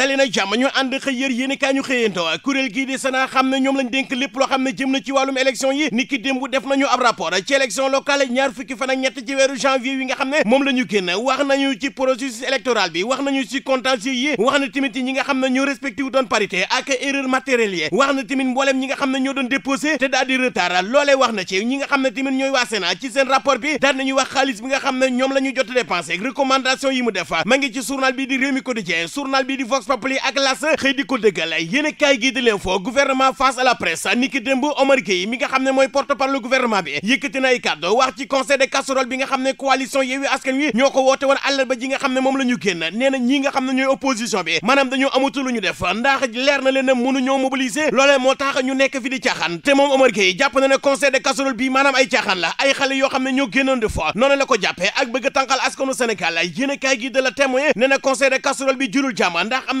dali na jàmm ñu ànd xëy yër yéen ikaay ñu xëyanto kuréel gii di Sénat xam ne ñoom lañ dénk lépp loo xam ne jëm na ci wàllum élection yi niki démb def nañu ab rapport ci élection locale ñaar fukki fan ñett ci weeru janvier yi nga xam ne moom la génn wax nañu ci processus électoral bi wax nañu ci contentieux yi wax na tamit ñi nga xam ne ñoo respecté wu doon parité ak erreur matérielle yi wax na tamit mbooleem ñi nga xam ne ñoo doon déposé te daal ne tamit ñooy waa Sénat ne ñoom la ñu jot dépensé recommandation yi mu def ma Populi ak L'As xëy di ko dëggal yéenekaay gi di leen foo gouvernement face à la presse niki démb Omar Gueye mi nga xam ne mooy porte-parole gouvernement bi yëkkati na ay kàddu wax ci conseil de casserole bi nga xam ne coalition Yewwi Askan Wi ñoo ko woote woon àllarba ji nga xam ne moom la ñu génn nee na nga xam ne ñooy opposition bi maanaam dañoo amatu lu ñu def ndax leer na leen ne mënuñoo mobiliser loolee moo tax ñu nekk fi di caaxaan te moom Omar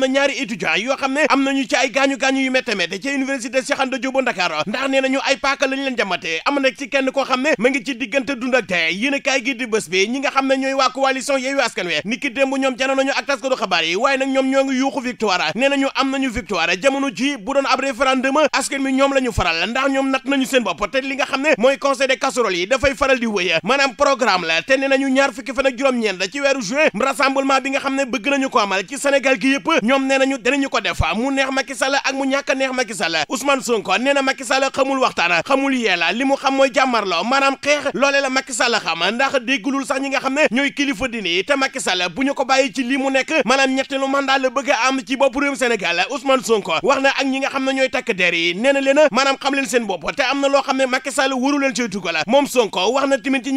am na ñaari étudiants yoo xam ne am nañu ci ay gaañu-gaañu yu métte métte ca université Cheikh Anta Diop bu Dakar ndax nee nañu ay paaka lañ leen jamatee am ne ma a kaay gi di bés bi ñi nga xam ne ñooy waa ñoom nañu ak taskatu xabaar yi waaye nag ñoom ñoo ngi yuuxu victoire nee nañu am nañu victoire jamono ji bu doon ab référendum askan mi ñoom la ñu faral ndax ñoom nat nañu seen bopp te li nga xam ne mooy conseil des casseroles yi dafay faral di wëy maanaam programme la te nee nañu ñaar fukki fan ak juróom-ñeent ci weeru juin nga xam ne bëgg nañu ko amal ci Sénégal gi ñoom nee nañu danañu ko def mu neex Macky Sall ak mu ñàkk a neex Macky Sall Ousmane Sonko nee na Macky Sall xamul waxtaan xamul yeela li xam mooy jàmmarloo maanaam xeex loolee la Macky Sall xam ndax déggulul sax ñi nga xam ne ñooy kilifa dini te Macky bu ñu ko bàyyi ci li mu nekk maanaam ñetteelu mandat a am ci bopp réewum Sénégal Ousmane wax na ak ñi nga xam ne ñooy takk der yi nee na leen maanaam xam leen seen bopp te am na loo xam ne Macky Sall waru leen cay na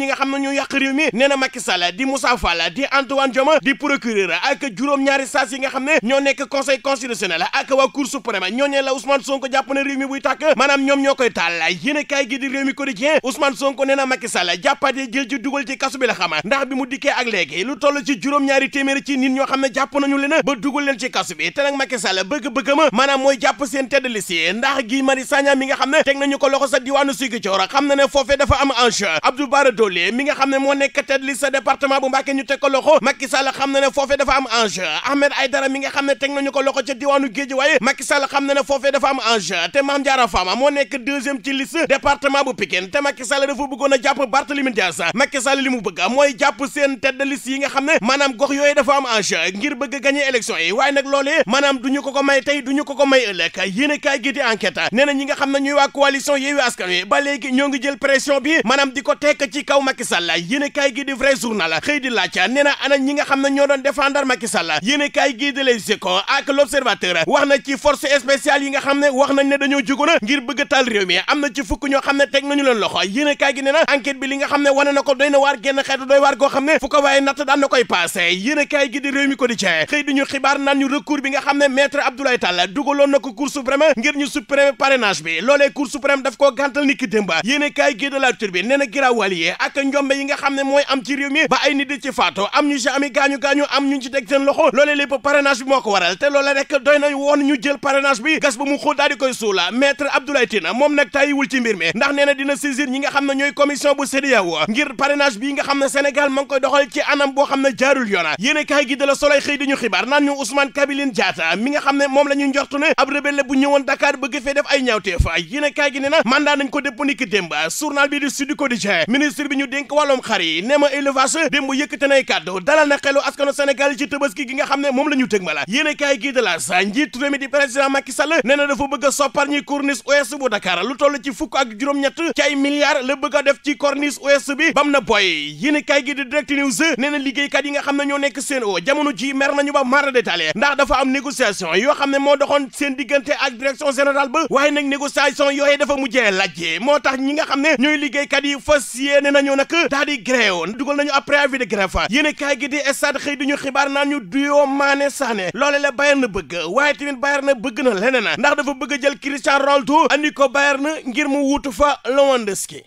tamit ne ñoo nekk conseil constitutionnel ak waa cour suprême ñooñee la Ousmane Sonko jàpp na réew mi buy tàkk maanaam ñoom ñoo koy taal yéen a kaay gi di réew mi quotidien Ousmane Sonko nee na Macky Sall jàppaatee jël ci dugal ci kasu bi la xama ndax bi mu dikkee ak léegi lu toll ci juróom-ñaari téeméeri ci nit ñoo xam ne jàpp nañu leen ba dugal leen ci kasu bi te nag Macky Sall bëgg-bëgg ma maanaam mooy jàpp seen tedd liste ndax Guy Marius Sagna mi sa diwaanu Ziguinchor na ne foofee dafa am enjeu Abdou Bara Dolly mi nga xam ne moo nekk tedd na ne teg nañu ko loxo ca diwaanu Guédiawaye Macky Sall xam na ne foofee dafa am enjeu te Mame Diarra moo nekk deuxième ci liste département bu Pikine te Macky Sall dafa bëggoon a jàpp Barthélémy Dias Macky Sall li mu bëgg mooy jàpp seen tête de liste yi nga xam ne maanaam gox yooyu dafa am enjeu ngir bëgg gagné élection yi waaye nag loolee maanaam du ñu ko ko may tey du ñu ko ko may ëllëg yéene kaay gi di enquête nee na ñi nga xam ne ñuy waa coalition Yewwi Askan Wi ba léegi ñoo ngi jël pression bi maanaam di ko tekk ci kaw Macky Sall yéene kaay gi di vrai journal xëy di laaj nee na ana ñi nga xam ne ñoo doon défendre Macky Sall yéene jë ko ak l'observateur wax na ci force spéciale yi nga xam ne wax nañ ne dañoo jugoon ngir bëgg a taal am na ci fukk ñoo xam ne teg nañu loxo yéene kaay gi ne ko di réew mi di ñu xibaar naan ñu recours bi nga xam ne maître Abdoulaye Tall dugaloon na ko cour suprême ngir ñu supprimer parrainage bi loolee cour suprême daf koo gàntal ni ki démba yéene kaay gi de la bi nee na giraawal yi ak njombe yi nga xam ne mooy am ci réew ba ay nit di ko waral te loola rek doy nañ woon ñu jël parrainage bi gas ba mu xóot daal di koy suula maître Abdoulaye Tine moom nag tàyyiwul ci mbir mi ndax nee na dina saisir ñi nga xam ne ñooy commission bu CEDEAO ngir parrainage bi nga xam ne Sénégal ma ngi koy doxal ci anam boo xam ne jaarul yoona yéene kaay gi de la soloy xëy di ñu xibaar naan ñu Ousmane Kabiline Diatta mi nga xam ne moom la ñu njortu ne ab rebelle bu ñëwoon Dakar bëgg fee def ay ñaawteef yéene kaay gi ne na mandat nañ ko dépp niki démb bi di Sud Quotidien ministre bi ñu dénk wàllum xar yi ne ma élevage démb yëkkate nay kàddu dalal na xelu gi nga xam ne moom la ñu tëg ma yéen a gii de la sa njiitu réew mi di président Macky Sall nee dafa bëgg a soppar ñi o ouest bu Dakar lu toll ci fukk ak juróom-ñett ci ay milliards la bëgg a def ci corniche ouest bi bam na boy yéen a kaay gii di direct news nee na liggéeykat yi nga xam ne ñoo nekk seen o jamono ji mer nañu ba mara détaillé ndax dafa am négociation yoo xam ne moo doxoon seen diggante ak direction générale ba waaye nag négociation yooyu dafa mujjee lajjee moo tax ñi nga xam ne ñooy liggéeykat yi fas yéene nañu nag daal di grève dugal nañu après avis de grève yéen a kaay gi di stade xëy xibaar naan ñu duyoo maane saane loole la Bayern bëgg waaye tamit na bëgg na leneen ndax dafa bëgg jël Cristiano Ronaldo andi ko na ngir mu wuutu fa Lewandowski